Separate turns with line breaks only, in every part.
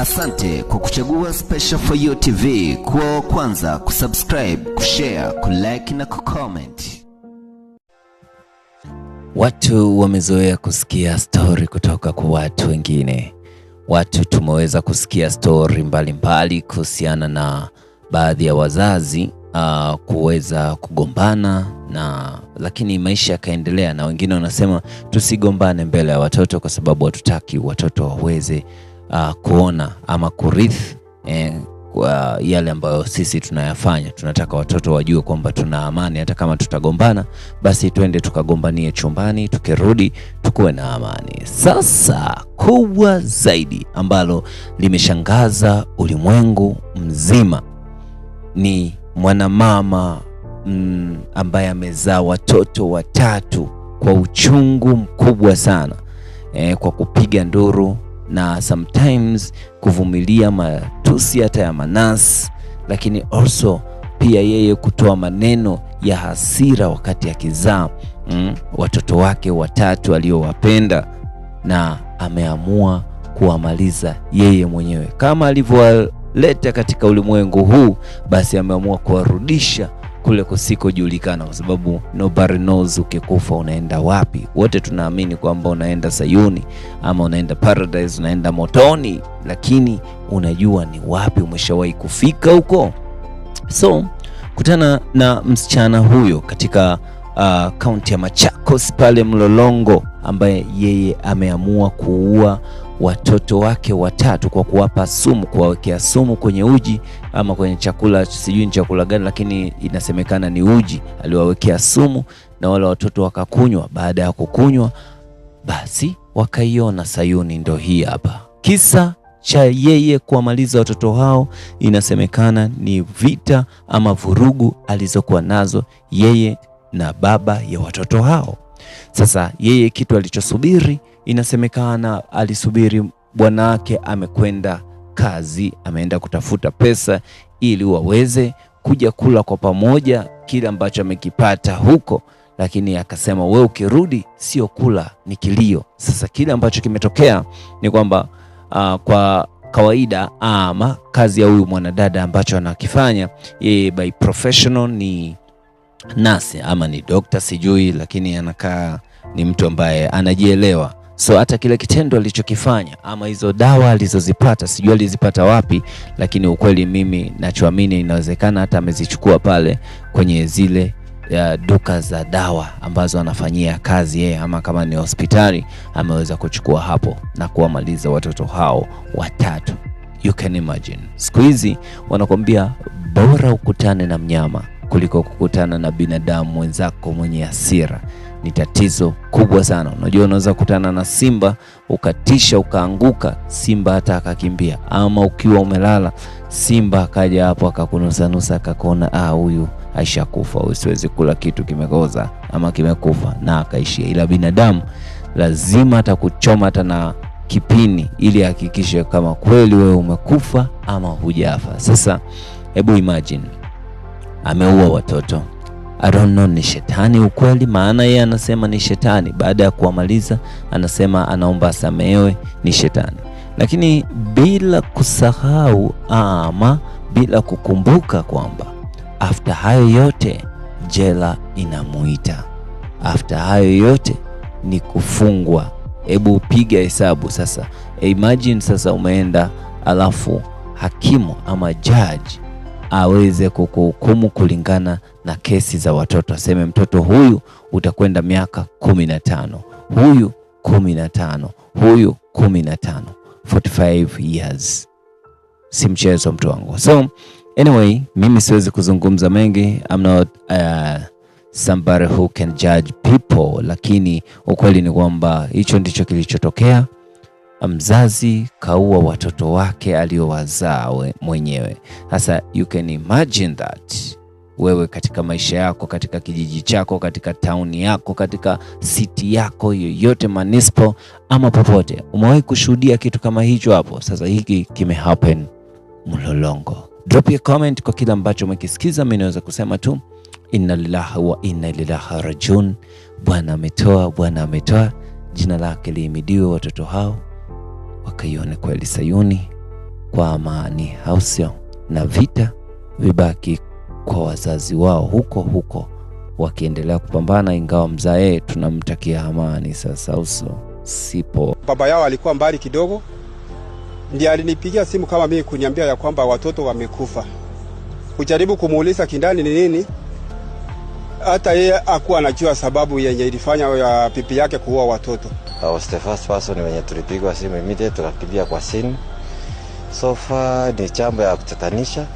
Asante kwa kuchagua Special For You TV kuwa wa kwanza kusubscribe, kushare, kulike na kucomment. Watu wamezoea kusikia stori kutoka kwa watu wengine. Watu tumeweza kusikia stori mbalimbali kuhusiana na baadhi ya wazazi uh, kuweza kugombana na lakini maisha yakaendelea, na wengine wanasema tusigombane mbele ya watoto kwa sababu hatutaki watoto waweze uh, kuona ama kurithi eh, kwa yale ambayo sisi tunayafanya. Tunataka watoto wajue kwamba tuna amani, hata kama tutagombana, basi twende tukagombanie chumbani, tukirudi tukuwe na amani. Sasa kubwa zaidi ambalo limeshangaza ulimwengu mzima ni mwanamama mm, ambaye amezaa watoto watatu kwa uchungu mkubwa sana eh, kwa kupiga nduru na sometimes kuvumilia matusi hata ya manasi, lakini also pia yeye kutoa maneno ya hasira wakati akizaa mm, watoto wake watatu aliowapenda, na ameamua kuwamaliza yeye mwenyewe kama alivyowaleta katika ulimwengu huu, basi ameamua kuwarudisha kule kusikojulikana, kwa sababu nobody knows ukikufa unaenda wapi. Wote tunaamini kwamba unaenda Sayuni ama unaenda paradise, unaenda motoni, lakini unajua ni wapi? Umeshawahi kufika huko? So kutana na msichana huyo katika uh, kaunti ya Machakos pale Mlolongo, ambaye yeye ameamua kuua watoto wake watatu kwa kuwapa sumu, kuwawekea sumu kwenye uji ama kwenye chakula, sijui ni chakula gani, lakini inasemekana ni uji aliwawekea sumu, na wale watoto wakakunywa. Baada ya kukunywa, basi wakaiona Sayuni, ndo hii hapa. Kisa cha yeye kuwamaliza watoto hao, inasemekana ni vita ama vurugu alizokuwa nazo yeye na baba ya watoto hao. Sasa yeye kitu alichosubiri, inasemekana alisubiri bwanake amekwenda kazi, ameenda kutafuta pesa ili waweze kuja kula kwa pamoja kile ambacho amekipata huko, lakini akasema we ukirudi sio kula, ni kilio. Sasa kile ambacho kimetokea ni kwamba uh, kwa kawaida ama kazi ya huyu mwanadada ambacho anakifanya yeye by professional ni nasi ama ni dokta sijui, lakini anakaa ni mtu ambaye anajielewa. So hata kile kitendo alichokifanya ama hizo dawa alizozipata sijui alizipata wapi, lakini ukweli mimi nachoamini inawezekana hata amezichukua pale kwenye zile ya duka za dawa ambazo anafanyia kazi yeye, ama kama ni hospitali ameweza kuchukua hapo na kuwamaliza watoto hao watatu. You can imagine, siku hizi wanakuambia bora ukutane na mnyama kuliko kukutana na binadamu mwenzako mwenye hasira. Ni tatizo kubwa sana. Unajua, unaweza kutana na simba ukatisha, ukaanguka, simba hata akakimbia, ama ukiwa umelala, simba akaja hapo akakunusanusa, akakuona ah, huyu aishakufa, huyu siwezi kula kitu kimekoza ama kimekufa, na akaishia. Ila binadamu lazima atakuchoma hata na kipini, ili ahakikishe kama kweli wewe umekufa ama hujafa. Sasa hebu imagine ameua watoto. I don't know, ni shetani ukweli, maana yeye anasema ni shetani. Baada ya kuwamaliza, anasema anaomba asamehewe, ni shetani, lakini bila kusahau ama bila kukumbuka kwamba after hayo yote jela inamuita, after hayo yote ni kufungwa. Hebu piga hesabu sasa, imagine sasa umeenda, alafu hakimu ama judge aweze kukuhukumu kulingana na kesi za watoto, aseme mtoto huyu utakwenda miaka kumi na tano, huyu kumi na tano, huyu kumi na tano, 45 years. Si mchezo mtu wangu. So anyway, mimi siwezi kuzungumza mengi. I'm not uh, somebody who can judge people, lakini ukweli ni kwamba hicho ndicho kilichotokea mzazi kaua watoto wake aliowazaa mwenyewe. Sasa you can imagine that wewe katika maisha yako, katika kijiji chako, katika tauni yako, katika siti yako yoyote, manispo ama popote, umewahi kushuhudia kitu kama hicho hapo? Sasa hiki kime happen Mlolongo. Drop your comment kwa kile ambacho umekisikiza. Mimi naweza kusema tu inna lillahi wa inna ilaihi rajiun. Bwana ametoa, Bwana ametoa, jina lake liimidiwe. Watoto hao wakaione kweli Sayuni kwa amani sio? na vita vibaki kwa wazazi wao huko huko wakiendelea kupambana, ingawa mzae tunamtakia amani. Sasa uso sipo,
baba yao alikuwa mbali kidogo, ndiye alinipigia simu kama mimi kuniambia ya kwamba watoto wamekufa. Kujaribu kumuuliza kindani ni nini, hata yeye hakuwa anajua sababu yenye ilifanya ya pipi yake kuua watoto.
I was the first person wenye tulipigwa simu immediate, tukakimbia kwa scene. So far ni chambo ya kutatanisha.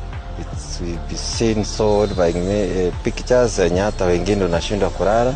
It's been seen so by uh, pictures yenye hata wengine unashindwa kurara.